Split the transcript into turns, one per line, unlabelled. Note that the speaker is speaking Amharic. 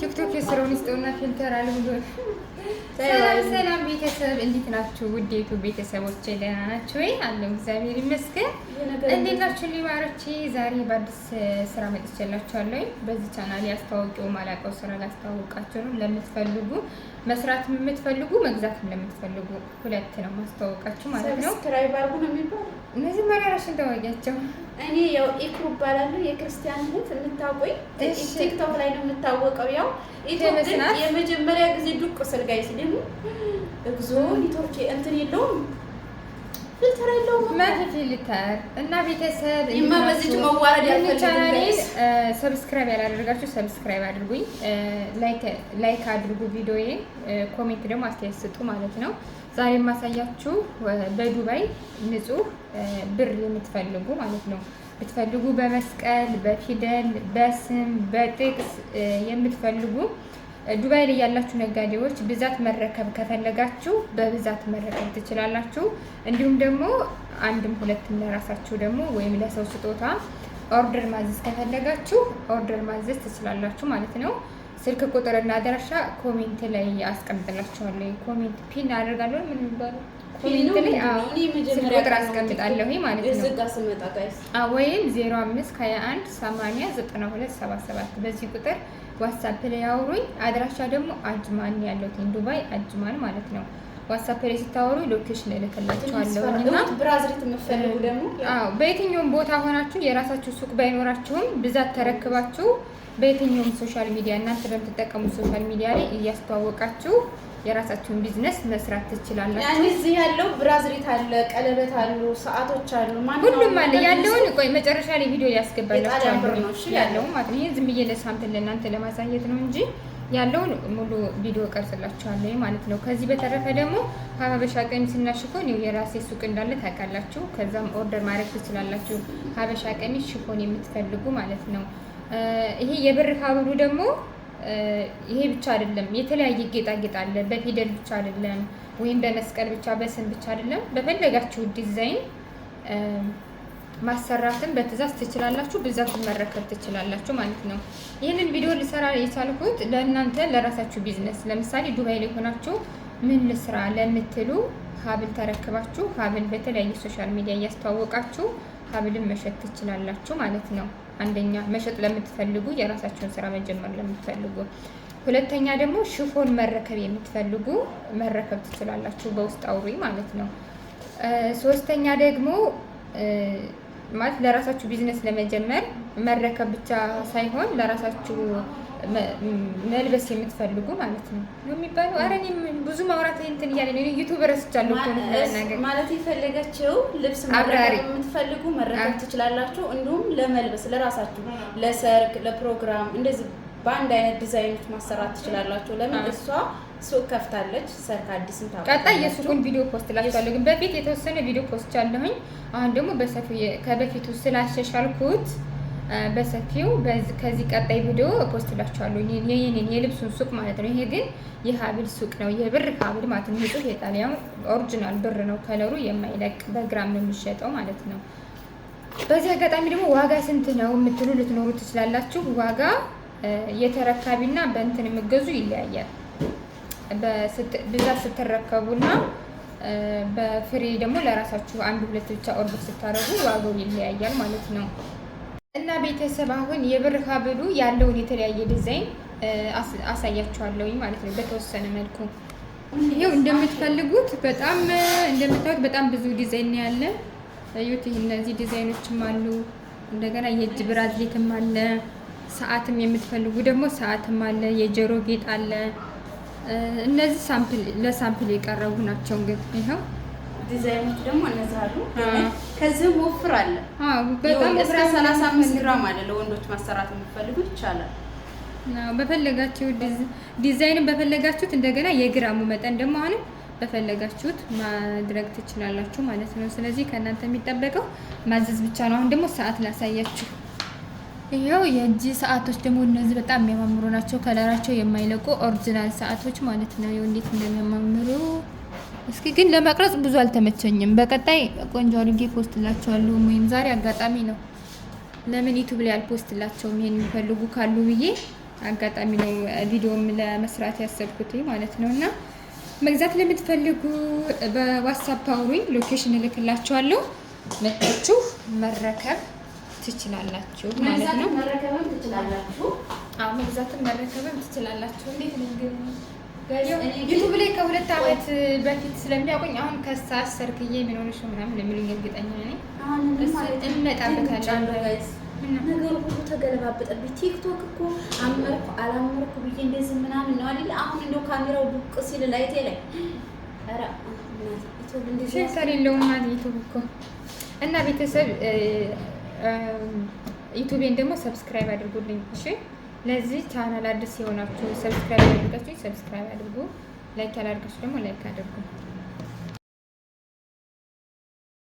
ቲክቶክ የስራውን ይስጠውና ፊልተር አለ ብሎ። ሰላም ሰላም ቤተሰብ እንዴት ናችሁ? ውዴቱ ቤተሰቦች ደህና ናችሁ ወይ? አለው እግዚአብሔር ይመስገን። እንዴት ናችሁ ሊማሮቼ? ዛሬ በአዲስ ስራ መጥቼላችኋለሁ። በዚህ ቻናል ያስተዋውቂው ማላውቀው ስራ ላስተዋውቃችሁ ነው። ለምትፈልጉ መስራት የምትፈልጉ መግዛት ለምትፈልጉ ሁለት ነው ማስተዋወቃችሁ ማለት
ነው። ሰብስክራይብ አድርጉ ነው የሚባለው።
እነዚህ መራራሽን ተዋጊያቸው
እኔ ያው ኢክሩ እባላለሁ። የክርስቲያን እህት የምታውቁኝ ቲክቶክ ላይ ነው የምታወቀው ያው ነው። የመጀመሪያ ጊዜ ዱቅ ስል ጋይስ ደግሞ እግዚኦ ኔትወርክ እንትን የለውም ፊልተር የለውም
መት ፊልተር እና ቤተሰብ
በዚህ መዋረድ
ያፈልጋይስ ሰብስክራይብ ያላደረጋችሁ ሰብስክራይብ አድርጉኝ፣ ላይክ አድርጉ፣ ቪዲዮዬ ኮሜንት ደግሞ አስተያየት ስጡ ማለት ነው። ዛሬ የማሳያችሁ በዱባይ ንጹህ ብር የምትፈልጉ ማለት ነው ብትፈልጉ በመስቀል በፊደል በስም በጥቅስ የምትፈልጉ ዱባይ ላይ ያላችሁ ነጋዴዎች ብዛት መረከብ ከፈለጋችሁ በብዛት መረከብ ትችላላችሁ። እንዲሁም ደግሞ አንድም ሁለትም ለራሳችሁ ደግሞ ወይም ለሰው ስጦታ ኦርደር ማዘዝ ከፈለጋችሁ ኦርደር ማዘዝ ትችላላችሁ ማለት ነው። ስልክ ቁጥርና አድራሻ ኮሜንት ላይ አስቀምጥላችኋለሁ። ኮሜንት ፒን አደርጋለሁ። ምን ይባሉ ኮሜንት ላይ ስልክ ቁጥር አስቀምጣለሁ ማለት
ነው።
ወይም 05 ዘጠና ሁለት 92 ሰባት በዚህ ቁጥር ዋትሳፕ ላይ አውሩኝ። አድራሻ ደግሞ አጅማን ያለሁት ዱባይ አጅማን ማለት ነው። ዋትሳፕ ላይ ሎኬሽን እልክላችኋለሁ።
ብራዝሪት የምትፈልጉ ደግሞ
በየትኛውም ቦታ ሆናችሁ የራሳችሁ ሱቅ ባይኖራችሁም ብዛት ተረክባችሁ በየትኛውም ሶሻል ሚዲያ እናንተ በምትጠቀሙ ሶሻል ሚዲያ ላይ እያስተዋወቃችሁ የራሳችሁን ቢዝነስ መስራት ትችላላችሁ።
እዚህ ያለው ብራዝሪት አለ፣ ቀለበት አሉ፣ ሰዓቶች አሉ፣
ሁሉም አለ። ያለውን ቆይ መጨረሻ ላይ ቪዲዮ
ሊያስገባላችሁ ያለው
ማለት ነው። ዝም ብዬ ለሳምፕል ለእናንተ ለማሳየት ነው እንጂ ያለውን ሙሉ ቪዲዮ ቀርጽላችኋለሁ ማለት ነው። ከዚህ በተረፈ ደግሞ ሀበሻ ቀሚስ እና ሽፎን የራሴ ሱቅ እንዳለ ታውቃላችሁ። ከዛም ኦርደር ማድረግ ትችላላችሁ። ሀበሻ ቀሚስ፣ ሽፎን የምትፈልጉ ማለት ነው። ይሄ የብር ሀብሉ ደግሞ ይሄ ብቻ አይደለም፣ የተለያየ ጌጣጌጥ አለ። በፊደል ብቻ አይደለም፣ ወይም በመስቀል ብቻ በስም ብቻ አይደለም፣ በፈለጋችሁ ዲዛይን ማሰራትን በትእዛዝ ትችላላችሁ፣ ብዛት መረከብ ትችላላችሁ ማለት ነው። ይህንን ቪዲዮ ልሰራ የቻልኩት ለእናንተ ለራሳችሁ ቢዝነስ፣ ለምሳሌ ዱባይ ላይ ሆናችሁ ምን ልስራ ለምትሉ ሀብል ተረክባችሁ ሀብል በተለያዩ ሶሻል ሚዲያ እያስተዋወቃችሁ ሀብልን መሸጥ ትችላላችሁ ማለት ነው። አንደኛ መሸጥ ለምትፈልጉ የራሳችሁን ስራ መጀመር ለምትፈልጉ፣ ሁለተኛ ደግሞ ሽፎን መረከብ የምትፈልጉ መረከብ ትችላላችሁ፣ በውስጥ አውሪ ማለት ነው። ሶስተኛ ደግሞ ማለት ለራሳችሁ ቢዝነስ ለመጀመር መረከብ ብቻ ሳይሆን ለራሳችሁ መልበስ የምትፈልጉ ማለት ነው
ነው የሚባለው። አረ እኔም ብዙ ማውራት እንትን እያለ ነው ዩቱብ ረስቻለሁ ማለት የፈለገችው ልብስ አብራሪ የምትፈልጉ መረከብ ትችላላችሁ። እንዲሁም ለመልበስ ለራሳችሁ ለሰርግ፣ ለፕሮግራም እንደዚህ በአንድ አይነት ዲዛይኖች ማሰራት ትችላላችሁ። ለምን እሷ ሱቅ ከፍታለች። ሰርክ አዲስም
ቀጣይ የሱቁን ቪዲዮ ፖስት ላችኋለሁ። ግን በፊት የተወሰነ ቪዲዮ ፖስት አለሁኝ። አሁን ደግሞ በሰፊው ከበፊቱ ስላሸሻልኩት በሰፊው ከዚህ ቀጣይ ቪዲዮ ፖስት ላችኋለሁ። ይህንን የልብሱን ሱቅ ማለት ነው። ይሄ ግን የሀብል ሱቅ ነው። የብር ሀብል ማለት ነው። ንጹህ የጣሊያን ኦሪጂናል ብር ነው። ከለሩ የማይለቅ በግራም ነው የሚሸጠው ማለት ነው። በዚህ አጋጣሚ ደግሞ ዋጋ ስንት ነው የምትሉ ልትኖሩ ትችላላችሁ። ዋጋ የተረካቢና በእንትን የምገዙ ይለያያል። ብዛት ስትረከቡና በፍሬ ደግሞ ለራሳችሁ አንድ ሁለት ብቻ ኦርደር ስታደርጉ ዋጋው ይለያያል ማለት ነው። እና ቤተሰብ አሁን የብር ሀብሉ ያለውን የተለያየ ዲዛይን አሳያችኋለሁ ማለት ነው በተወሰነ መልኩ ይሄው እንደምትፈልጉት በጣም እንደምታዩት በጣም ብዙ ዲዛይን ያለ። እዩት፣ እነዚህ ዲዛይኖችም አሉ። እንደገና የእጅ ብራዝሌትም አለ። ሰዓትም የምትፈልጉ ደግሞ ሰዓትም አለ። የጆሮ ጌጥ አለ። እነዚህ ሳምፕል ለሳምፕል የቀረቡ ናቸው። እንግዲህ ይኸው
ዲዛይኖች ደግሞ እነዚህ አሉ። ከዚህም ወፍር አለ። አዎ በጣም እስከ 35 ግራም አለ። ለወንዶች ማሰራት የምትፈልጉ ይቻላል።
በፈለጋችሁ ዲዛይን በፈለጋችሁት እንደገና የግራሙ መጠን ደግሞ አሁንም በፈለጋችሁት ማድረግ ትችላላችሁ ማለት ነው። ስለዚህ ከእናንተ የሚጠበቀው ማዘዝ ብቻ ነው። አሁን ደግሞ ሰዓት ላሳያችሁ። ይኸው የእጅ ሰዓቶች ደግሞ እነዚህ በጣም የሚያማምሩ ናቸው። ከለራቸው የማይለቁ ኦሪጂናል ሰዓቶች ማለት ነው። ይኸው እንዴት እንደሚያማምሩ እስኪ ግን ለመቅረጽ ብዙ አልተመቸኝም። በቀጣይ ቆንጆ አድርጌ ፖስት ወይም ዛሬ አጋጣሚ ነው ለምን ዩቱብ ላይ አልፖስትላቸውም ይሄን የሚፈልጉ ካሉ ብዬ አጋጣሚ ነው ቪዲዮም ለመስራት ያሰብኩት ማለት ነው። እና መግዛት ለምትፈልጉ በዋትሳፕ አውሩኝ፣ ሎኬሽን እልክላቸዋለሁ። መጣችሁ መረከብ ትችላላችሁ
ማለት ነው። መረከብም ትችላላችሁ።
አዎ መግዛትም መረከብም ትችላላችሁ። እንዴት ነው ግን ዩቱብ ላይ ከሁለት አመት በፊት ስለሚያውቁኝ አሁን ከሳስ ሰርክዬ ምን ሆነሽ ምናምን የሚሉኝ እርግጠኛ ነኝ። እንመጣበታለን።
ነገሩ ሁሉ ተገለባበጠብኝ። ቲክቶክ እኮ አመርኩ አላመርኩ ብዬ እንደዚህ ምናምን ነው አይደል? አሁን እንደው ካሜራው ብቅ ሲል ላይቴ ላይ
ሴንሰር የለውም ዩቱብ እኮ እና ቤተሰብ ዩቱቤን ደግሞ ሰብስክራይብ አድርጉልኝ። እሺ ለዚህ ቻናል አዲስ የሆናችሁ ሰብስክራይብ ያድርጋችሁ፣ ሰብስክራይብ አድርጉ። ላይክ ያላደርጋችሁ ደግሞ ላይክ አድርጉ።